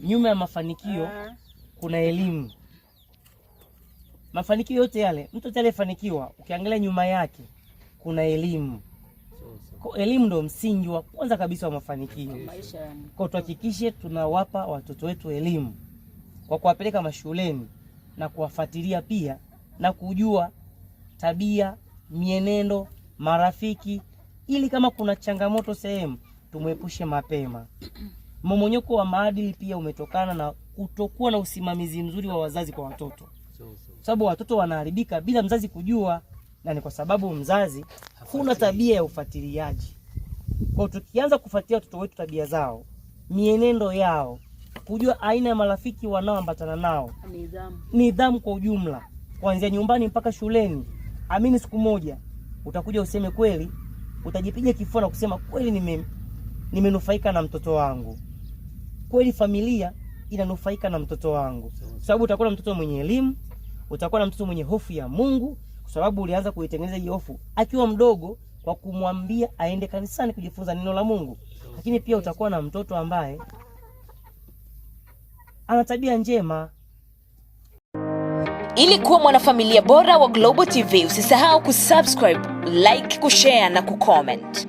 nyuma ya mafanikio ah. kuna elimu. Mafanikio yote yale, mtu yote aliyefanikiwa, ukiangalia nyuma yake kuna elimu. Kwa elimu ndo msingi wa kwanza kabisa wa mafanikio. Kwa tuhakikishe tunawapa watoto wetu elimu kwa kuwapeleka mashuleni na kuwafuatilia pia na kujua tabia, mienendo, marafiki, ili kama kuna changamoto sehemu tumwepushe mapema. Mmomonyoko wa maadili pia umetokana na kutokuwa na usimamizi mzuri wa wazazi kwa watoto, sababu watoto wanaharibika bila mzazi kujua, na ni kwa sababu mzazi kuna tabia ya ufuatiliaji. Kwa tukianza kufuatilia watoto wetu tabia zao, mienendo yao, kujua aina ya marafiki wanaoambatana nao, nidhamu kwa ujumla, kuanzia nyumbani mpaka shuleni, amini, siku moja utakuja useme kweli, utajipiga kifua na kusema kweli, nime nimenufaika na mtoto wangu kweli familia inanufaika na mtoto wangu, kwa sababu utakuwa na mtoto mwenye elimu, utakuwa na mtoto mwenye hofu ya Mungu, kwa sababu ulianza kuitengeneza hiyo hofu akiwa mdogo kwa kumwambia aende kanisani kujifunza neno la Mungu. Lakini pia utakuwa na mtoto ambaye ana tabia njema. Ili kuwa mwanafamilia bora wa Global TV, usisahau kusubscribe, like, kushare na kucomment.